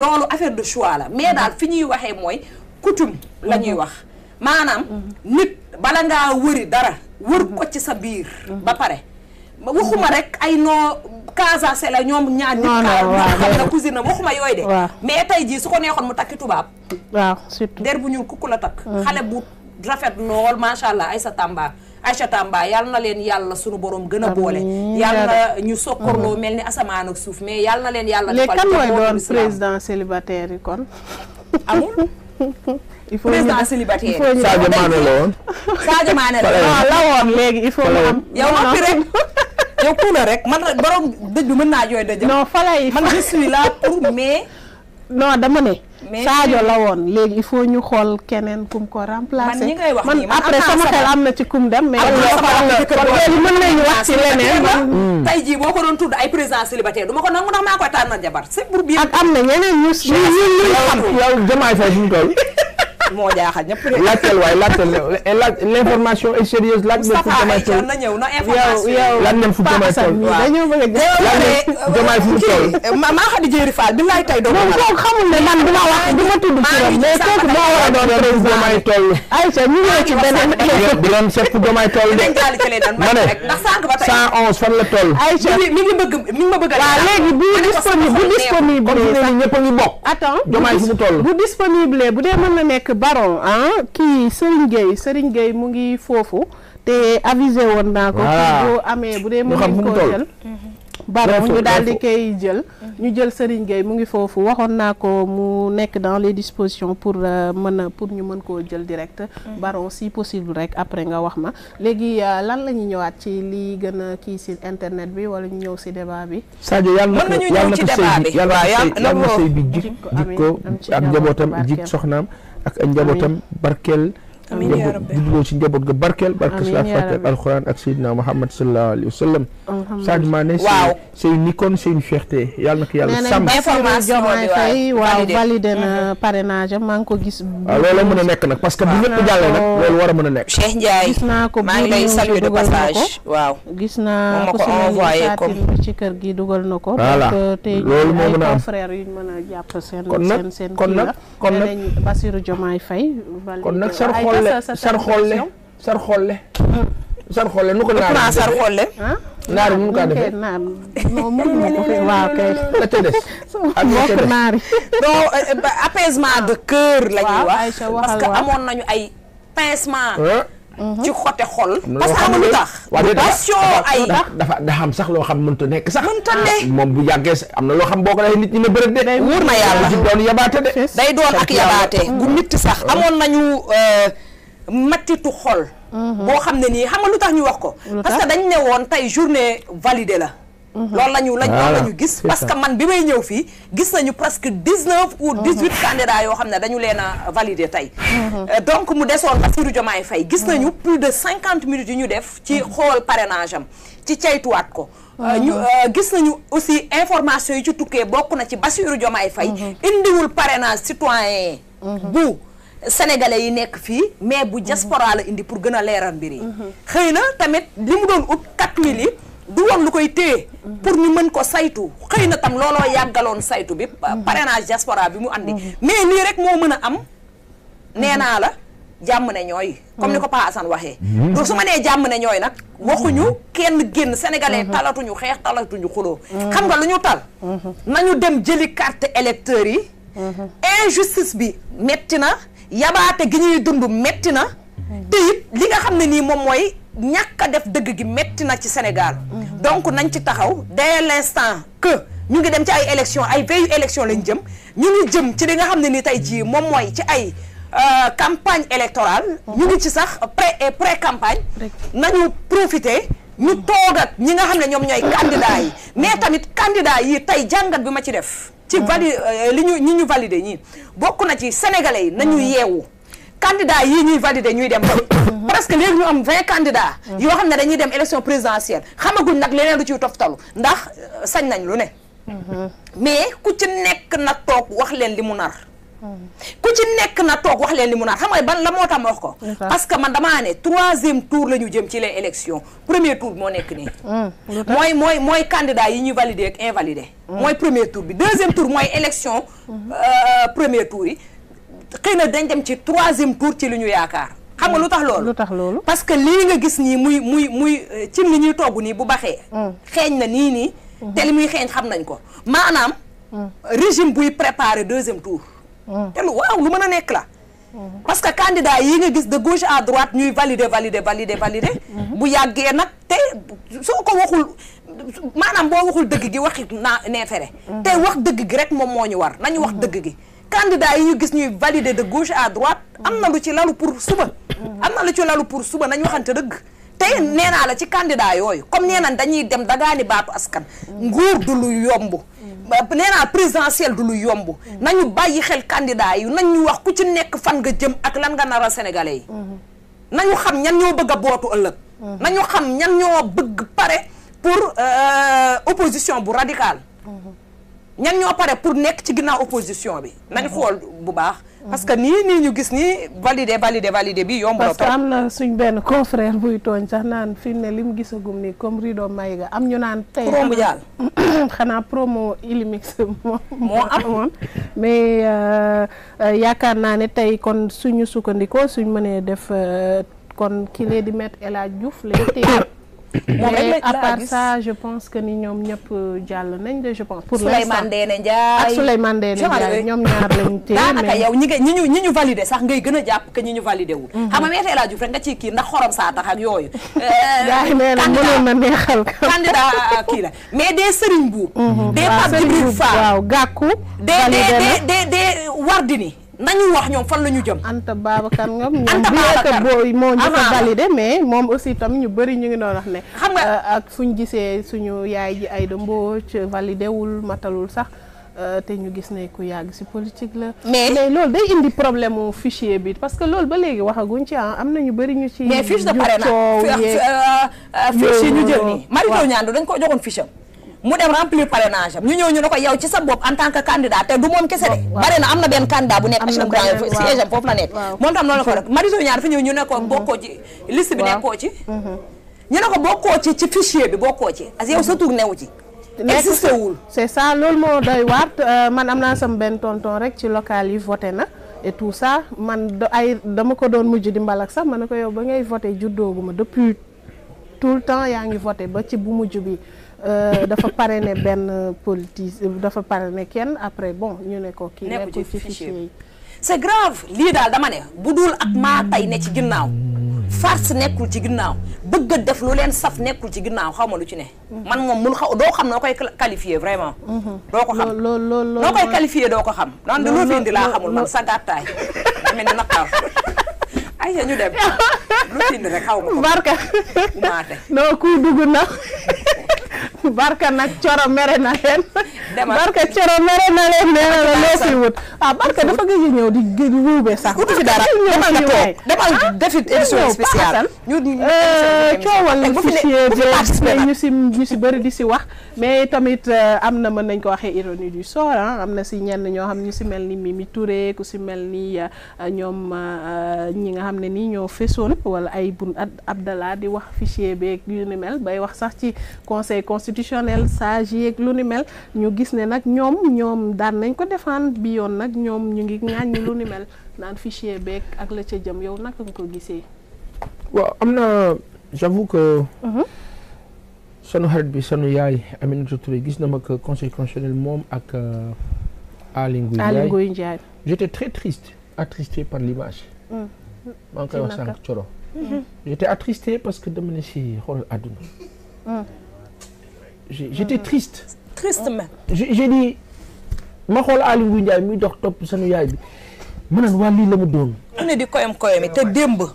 loolu affaire de choix la mais daal fi ñuy waxee mooy coutume la ñuy mhm. wax maanaam mhm. nit bala ngaa wëri dara wër ko mhm. ci sa biir ba pare waxuma rek ay noo casacé la ñoom ñaar nit kaa xam na cousine waxuma yooyu de mais tey jii su ko neexoon mu takki tubaab waaw surtout der bu ñuul kukku la takk xale bu rafet lool macha allah ay sa tàmbaar Aïchata Mbaye yal na leen yàlla sunu borom gën a boole yal na ñu sokkorloo mel ni asamaan ak suuf mais yal na leen yàlla léegi kan mooy doon président célibataire yi kon amul il faut président célibataire il faut ñu Sadio Mané la woon Sadio Mané la la woon léegi il faut am yow noppi rek yow kuula rek man borom dëj bi mën naa jooy dëj man je suis là pour mais non dama ne mais Sadio la woon léegi il faut ñu xool keneen kum ko remplacer. man ñi ngay wax nii man après sama xel am na ci kum dem. mais loolu mën nañu wax ci leneen. Mm. tey jii boo ko doon tudd ay président célibataire du ma ko nangu ndax maa koy tànn jabar c'est pour bien. ak am na ñeneen ñu ñu ñu xam. yow jëmaay fay moo jaaxal ñëpp de. laajteel waay laajteel eh, laaj l' information est sérieuse laaj leen fu jëmay toll na ñëw na information yow laaj leen fu jëmay toll waaw dañoo bëgg a laaj leen jëmay fu toll eh, maa xam ne jëri Fall bi lay tey a bu doon ma bëgg mi ngi a fu mu toll bu disponible bu dee mën na nekk baron ah kii Serigne Gueye Serigne Gueye mu ngi foofu te avisé woon naa ko. bu amee bu dee mën nañu koo jël. Mhm. baron ñu daal koy jël. Mhm. ñu jël Serigne Gueye mu ngi foofu waxoon naa ko mu nekk dans les dispositions pour euh, mën a pour ñu mën koo jël direct. Mhm. baron si possible rek après nga wax ma léegi euh, lan la ñuy ñëwaat ci li gën a kii si internet bi wala ñu ñëw si débat bi. Sadio yàlla na ko yàlla na ko sëy bi yàlla na ko sëy bi jik jik ko ak njabootam jik soxnaam. ak ay njabootam amiin yaa rabbi juddoo ci njaboot ga barkeel barke si ak alxuraan yàlla na ko yàlla sàmm information mhm. maa ngi ko gis waaw mën a nekk nag parce que bu ñëpp a a nekk Cheikh Ndiaye gis naa ko maa ngi lay saluer de passage naa ko envoyé ci kër gi dugal na ko voilà tey loolu moo mën am frère yu mën a jàpp seen seen seen kon nag kon nag sar xool sarxolle sarxolle sarxolle sarxolle nu ko naar sarxolle naar mun kaa defee naar non mënuma ko waaw kay la ca des mbokk naar yi donc apaisement de cœur la ñuy wax parce que amoon nañu ay pincement ci xote xol. parce que amul lu ay dafa dafa sax loo xam mënta nekk sax. mënta ne moom bu yàggee am na loo xam boo ko defee nit ñi ne bëri de. day na yàlla day doon ak yabaate gu nit sax amoon nañu. matitu xol. Mhm. boo xam ne nii xam nga lu tax ñu wax ko. parce que dañ ne woon tey journée validée la. Mhm. loolu la ñu la ñu gis parce que man bi may ñëw fii gis nañu presque dix neuf ou mhm. dix huit candidats yoo xam ne dañu leen a valider tey euh, donc mu desoon Bassirou Diomaye fay gis nañu plus de cinquante minutes yu ñu def ci xool parrainage am ci caytuwaat ko euh, euh, gis nañu aussi information yi ci tukkee bokk na ci Bassirou Diomaye Faye indiwul parrainage citoyen bu sénégalais yi nekk fii mais bu diaspora la indi pour gën a leeral mbir yi xëy na tamit li mu doon ut 4000 yi du woon lu koy téye pour ñu mën ko saytu xëy na tam looloo yàggaloon saytu bi parrainage diaspora bi mu andi mais lii rek moo mën a am nee naa la jàmm ne ñooy comme ni ko Pa waxee donc su ma nee jàmm ne ñooy nag waxuñu kenn génn sénégalais mhm. talatuñu xeex talatuñu xuloo xam nga lu ñu tal mhm. nañu dem jëli carte électeur yi mhm. injustice bi metti na yabaate gi ñuy dund metti na mm-hmm. te li nga xam ne nii moom mooy ñàkk a def dëgg gi metti na ci Sénégal mm-hmm. donc nañ ci taxaw dès l'instant que ñu ngi dem ci ay élection ay veille élection lañ jëm ñu ngi jëm ci li nga xam ne nii tey jii moom mooy ci ay euh, campagne électorale mm-hmm. ñu ngi ci sax pré et campagne nañu profiter ñu toog ñi nga xam ne ñoom ñooy candidat yi mais tamit candidat yi tey jàngat bi ma ci def ci ah. vali euh, li ñu ñi ñu validé ñii bokk na ci sénégalais yi nañu ah. yeewu candidat yii ñuy validé ñuy dem presque léegi ñu am vingt candidats ah. yoo xam ne dañuy dem élection présidentielle xamaguñ nag leneen lu ciy toftalu ndax euh, sañ nañ lu ne mhm. mais ku ci nekk na toog wax leen li mu nar Hmm. ku ci nekk na toog wax leen li mu naan xam nga ban la moo tax ma wax ko. parce que man damaa ne troisième tour la jëm ci la élections premier tour moo nekk nii. Hmm. mooy mooy mooy candidat yi ñu validé ak invalidé. Hmm. mooy premier tour bi deuxième tour mooy élection. Euh, premier tour yi xëy na dañ dem ci troisième tour ci li ñu yaakaar. xam nga lu tax loolu lu tax loolu. parce que lii nga gis nii muy muy muy euh, cim li ñuy togg nii bu baxee. xeeñ na nii nii. te li muy xeeñ xam nañ ko maanaam. régime buy préparer deuxième tour. Mm. te lu waaw lu mën a nekk la. Mm-hmm. parce que candidat yi nga gis de gauche à droite ñuy valider valider valider valider. Mm-hmm. bu yàggee nag te soo ko waxul maanaam boo waxul dëgg gi waxi naa neefere. Mm-hmm. te wax dëgg gi rek moom moo ñu war nañu wax dëgg gi. candidat yi ñu gis ñuy valider de gauche à droite am na lu ci lalu pour suba. am na lu ci lalu pour suba nañu waxante dëgg. tey nee naa la ci candidat yooyu comme nee na dañuy dem dagaani baatu askan. nguur du lu yomb. nee naa présidentiel du lu yomb. na ñu bàyyi xel candidat yi nañu wax ku ci nekk fan nga jëm ak lan nga naral a sénégalais yi. nañu xam ñan ñoo bëgg a bootu ëllëg. nañu xam ñan ñoo bëgg pare pour euh, opposition bu radical ñan ñoo pare pour nekk ci ginnaaw opposition bi. nañu xool bu baax. parce que nii nii ñu gis nii validé validé validé bi yomb parce que am na suñ benn confrère buy tooñ sax naan fi mu ne lim gisagum nii comme rido Mayiga am ñu naan. tey promo jaal xanaa promo Ilimix moo. moo amoon mais euh, euh, yaakaar naa ne tey kon suñu sukkandikoo suñ mënee def euh, kon ki lee di mettre El Hadj Diouf lay téye. moom rek à je pense que ni ñoom ñëpp jàll nañ de je pense. pour l'instant Souleymane Ndéné Ndiaye ak Souleymane Ndéné Ndiaye ñi nga ñi ñu ñi sax ngay gën a jàpp que ñi ñu validé wul. Mhm. xam nga weetee laa juf rek nga ciy kii ndax xorom saa tax ak yooyu. gars yi nee na mënoon na neexal. candidat euh, kii la mais des Serigne Bou. Mhm. des Pape Djibril waaw Gakou. validé na des des des Wardini. nañu wax ñoom fan la ñu jëm. Anta Babacar Ngom ñoom biyeete moo njëkk a validé mais moom aussi tam ñu bëri ñu ngi doon wax ne xam nga euh, ak suñ gisee suñu yaay ji ay Mbodj validé wul matalul sax euh, te ñu gis nañ ko yàgg ci politique la. mais mais loolu day indi problème mu fichier bi parce que loolu ba léegi waxaguñ ci ah am na ñu bëri ñu ci. mais fiche de parrainage euh, fiche ñu jël nii. waaw Mary Teuw dañ ko joxoon fiche am mu dem remplir parrainage am ñu ñëw ñu ne ko yow ci sa bopp en tant que candidat te du moom kese de bari na am na benn candidat bu nekk am foofu ko rek Mariso ñaar ñu ne ko bokkoo ci bokkoo ci ci bi bokkoo ci sa tur newu ci existé moo doy waar euh, man am naa sama benn tonton rek ci local yi voté na et tout ça man da ay dama ko doon mujj di mbalak sax ma ne ko yow ba ngay voté juddooguma depuis tout le temps yaa ngi voté ba ci bu mujj bi Euh, dafa parrainé benn politique euh, dafa parrainé kenn après bon ñu ne ko. kii nekkul ci fichier yi se grave lii daal dama ne bu dul ak maa tay ne ci ginnaaw farce nekkul ci ginnaaw bëgg a def lu leen saf nekkul ci ginnaaw xaw ma lu ci ne. Mm-hmm. man moom mun xaw doo xam noo koy qualifié vraiment. Mm-hmm. doo ko xam lool lool noo koy qualifié doo ko xam. lool lool loo fi indi laa xamul man sa gàttaay. dama ne naqar ayca ñu dem ma dugg na. barka nag coro mere na leen. barka coro mere na leen nee na la loo fi wut. ah barka dafa gëj a ñëw di gën wuube sax. utu fi dara demal nga toog demal ah, eh, ñu si ñu si bëri di si wax. mais tamit eh, am na mën nañ ko waxee ironie du sort ah am na si ñenn ñoo xam ñu si mel ni Mimi Touré ku si mel ni eh, ñoom ñi nga xam ne nii ñoo fesoon wala ay bun Abdallah di wax fichier beeg yu ni mel bay wax sax ci conseil constitutionnel constitutionnel sage yeeg lu ni mel ñu gis ne nag ñoom ñoom daan nañ ko defaan bi yoon nag ñoom ñu ngi ŋàññi lu ni mel naan fichier beeg ak la ca jëm yow naka nga ko gisee. waaw am na j'avoue que. Mhm. sunu xarit bi sunu yaay Aminata Touré gis na ma que conseil moom ak euh, Aly Ngouille Ndiaye. j'étais très triste attristé par l'image mhm. maa ngi koy wax sànq Coro. Mhm. j'étais attristé parce que dama ne si xoolal àdduna. j'étais triste. triste même. j'ai dit ma xool Aliou Ngouille Ndiaye muy dox topp sunu yaay bi ma naan waa lii la mu doon. mu ne di koyam koyami te démb.